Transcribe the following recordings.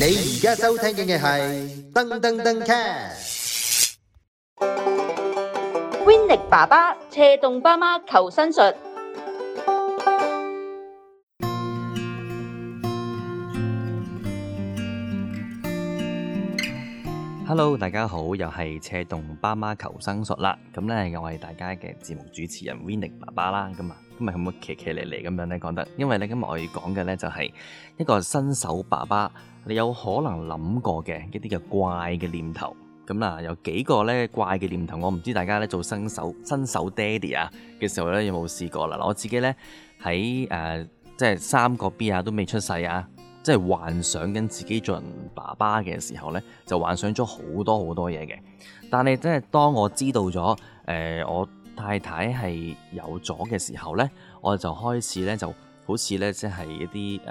你而家收聽嘅係《燈登登 Cast》，Winnie 爸爸車動爸媽求生術。Hello，大家好，又係赤洞爸媽求生術啦。咁咧，又係大家嘅節目主持人 Vinnie 爸爸啦。咁啊，今日咁樣騎騎嚟嚟咁樣咧講得，因為咧今日我要講嘅咧就係、是、一個新手爸爸，你有可能諗過嘅一啲嘅怪嘅念頭。咁啦有幾個咧怪嘅念頭，我唔知大家咧做新手新手爹哋啊嘅時候咧有冇試過啦。我自己咧喺誒，即係三個 B 啊都未出世啊。即係幻想緊自己做人爸爸嘅時候呢，就幻想咗好多好多嘢嘅。但係即係當我知道咗誒、呃，我太太係有咗嘅時候呢，我就開始呢，就好似呢，即係一啲誒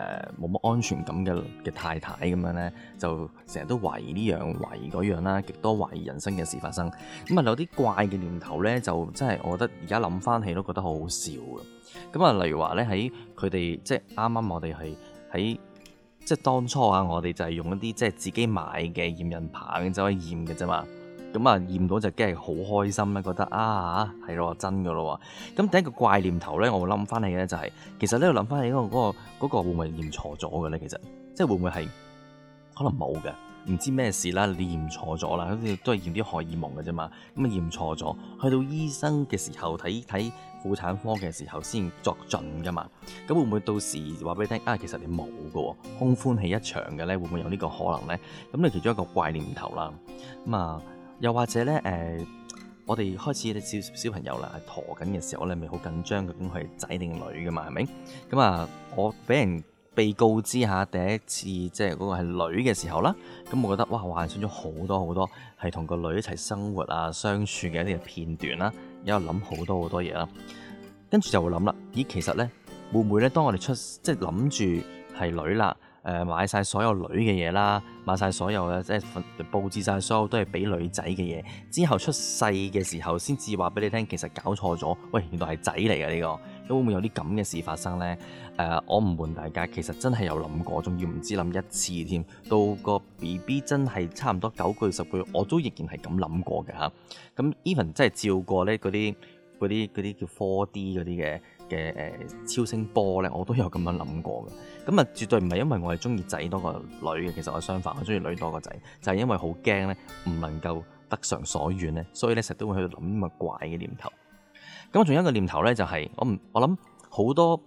冇乜安全感嘅嘅太太咁樣呢，就成日都懷疑呢樣懷疑嗰樣啦，極多懷疑人生嘅事發生咁啊，有啲怪嘅念頭呢，就真係我覺得而家諗翻起都覺得好好笑嘅。咁、嗯、啊，例如話呢，喺佢哋即係啱啱我哋係喺。即當初啊，我哋就係用一啲即係自己買嘅驗孕棒，就可以驗嘅啫嘛。咁啊，驗到就梗係好開心啦，覺得啊嚇係咯真嘅咯喎。咁第一個怪念頭呢，我會諗翻起咧就係、是，其實咧我諗翻起嗰、嗰個嗰、嗰個嗰、嗰個會唔會驗錯咗嘅咧？其實即係會唔會係可能冇嘅？唔知咩事啦，念錯咗啦，好似都係驗啲荷爾蒙嘅啫嘛，咁、嗯、啊驗錯咗，去到醫生嘅時候睇睇婦產科嘅時候先作準噶嘛，咁會唔會到時話俾你聽啊？其實你冇嘅喎，空歡喜一場嘅咧，會唔會有呢個可能咧？咁你其中一個怪念頭啦，咁、嗯、啊又或者咧誒、呃，我哋開始啲小小朋友啦，係陀緊嘅時候咧，咪好緊張究竟佢係仔定女嘅嘛，係咪？咁、嗯、啊，我俾人。被告知下第一次即係嗰個係女嘅時候啦，咁我覺得哇，幻想咗好多好多係同個女一齊生活啊、相處嘅一啲片段啦，又諗好多好多嘢啦，跟住就會諗啦，咦，其實呢，會唔會呢？當我哋出即係諗住係女啦，誒買晒所有女嘅嘢啦，買晒所有嘅即係佈置晒所有都係俾女仔嘅嘢，之後出世嘅時候先至話俾你聽，其實搞錯咗，喂，原來係仔嚟嘅呢個。都會唔會有啲咁嘅事發生呢？誒、uh，我唔瞞大家，其實真係有諗過，仲要唔知諗一次添。到個 BB 真係差唔多九個月十個月，我都仍然係咁諗過嘅嚇。咁 even 真係照過呢嗰啲嗰啲嗰啲叫 4D 嗰啲嘅嘅誒超聲波呢，我都有咁樣諗過嘅。咁啊，絕對唔係因為我係中意仔多過女嘅，其實我相反，我中意女多過仔，就係、是、因為好驚呢，唔能夠得償所願呢。所以呢，成日都會去諗咁誒怪嘅念頭。咁仲有一個念頭咧，就係、係、我唔我諗好多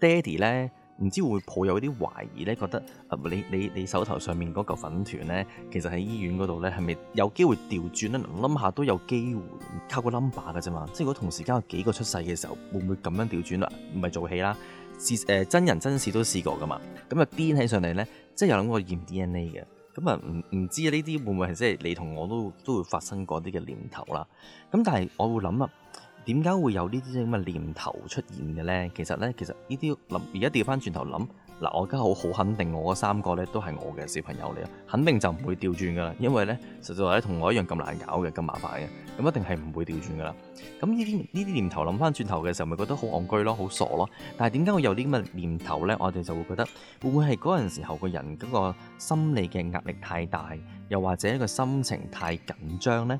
爹地咧，唔知會抱有啲懷疑咧，覺得你你你手頭上面嗰嚿粉團咧，其實喺醫院嗰度咧，係咪有機會調轉咧？諗下都有機會，靠個 number 嘅啫嘛。即係如果同時間有幾個出世嘅時候，會唔會咁樣調轉啦？唔係做戲啦，試、呃、真人真事都試過噶嘛。咁啊癲起上嚟咧，即係有諗過驗 DNA 嘅。咁啊唔唔知呢啲會唔會係即係你同我都都會發生過啲嘅念頭啦。咁但係我會諗啊。點解會有呢啲咁嘅念頭出現嘅呢？其實呢，其實呢啲諗而家調翻轉頭諗，嗱，我而家好好肯定，我三個呢都係我嘅小朋友嚟啊，肯定就唔會調轉噶啦，因為呢，實在話呢，同我一樣咁難搞嘅，咁麻煩嘅，咁一定係唔會調轉噶啦。咁呢啲呢啲念頭諗翻轉頭嘅時候，咪覺得好戇居咯，好傻咯。但係點解會有啲咁嘅念頭呢？我哋就會覺得，會唔會係嗰陣時候個人嗰個心理嘅壓力太大，又或者個心情太緊張呢？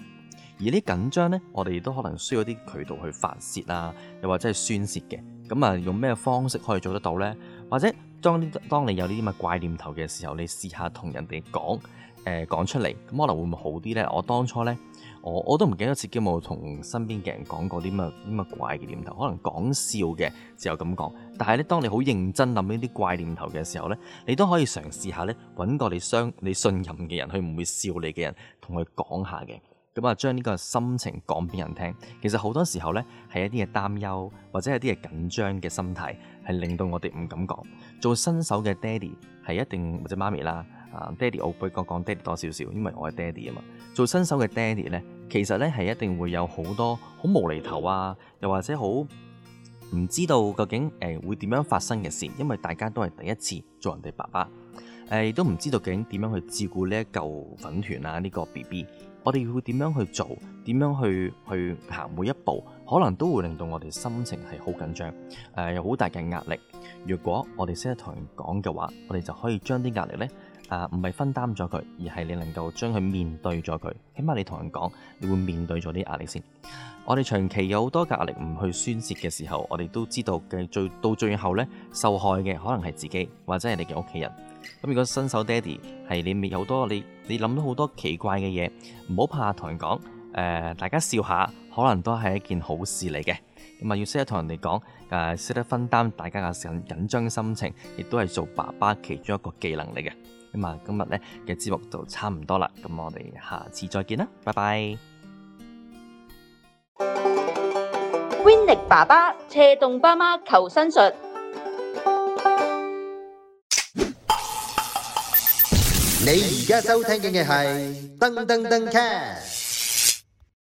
而啲緊張呢，我哋都可能需要啲渠道去發泄啊，又或者係宣泄嘅。咁啊，用咩方式可以做得到呢？或者當呢，當你有呢啲咁嘅怪念頭嘅時候，你試下同人哋講，誒、呃、講出嚟，咁可能會唔會好啲呢？我當初呢，我我都唔記得自己冇同身邊嘅人講過啲咁啊怪嘅念頭，可能講笑嘅只有咁講。但係咧，當你好認真諗呢啲怪念頭嘅時候呢，你都可以嘗試下咧，揾個你相你信任嘅人，佢唔會笑你嘅人，同佢講下嘅。咁啊，將呢個心情講俾人聽。其實好多時候呢，係一啲嘅擔憂或者一啲嘅緊張嘅心態，係令到我哋唔敢講。做新手嘅爹哋係一定或者媽咪啦啊，爹哋我會講講爹哋多少少，因為我係爹哋啊嘛。做新手嘅爹哋呢，其實呢係一定會有好多好無厘頭啊，又或者好唔知道究竟誒會點樣發生嘅事，因為大家都係第一次做人哋爸爸，都唔知道究竟點樣去照顧呢一嚿粉團啊呢個 BB。我哋會點樣去做？點樣去去行每一步，可能都會令到我哋心情係好緊張，誒有好大嘅壓力。如果我哋識得同人講嘅話，我哋就可以將啲壓力呢啊，唔係分擔咗佢，而係你能夠將佢面對咗佢。起碼你同人講，你會面對咗啲壓力先。我哋長期有好多壓力唔去宣洩嘅時候，我哋都知道嘅最到最後呢，受害嘅可能係自己或者係你嘅屋企人。咁如果新手爹哋係你未有多你，你諗到好多奇怪嘅嘢，唔好怕同人講，誒、呃，大家笑下，可能都係一件好事嚟嘅。咁啊，要識得同人哋講，誒，識得分擔大家嘅緊緊張嘅心情，亦都係做爸爸其中一個技能嚟嘅。咁啊，今日呢嘅節目就差唔多啦，咁我哋下次再見啦，拜拜。Winny 爸爸扯動爸媽求生術。你而家收聽嘅係噔噔噔 cast。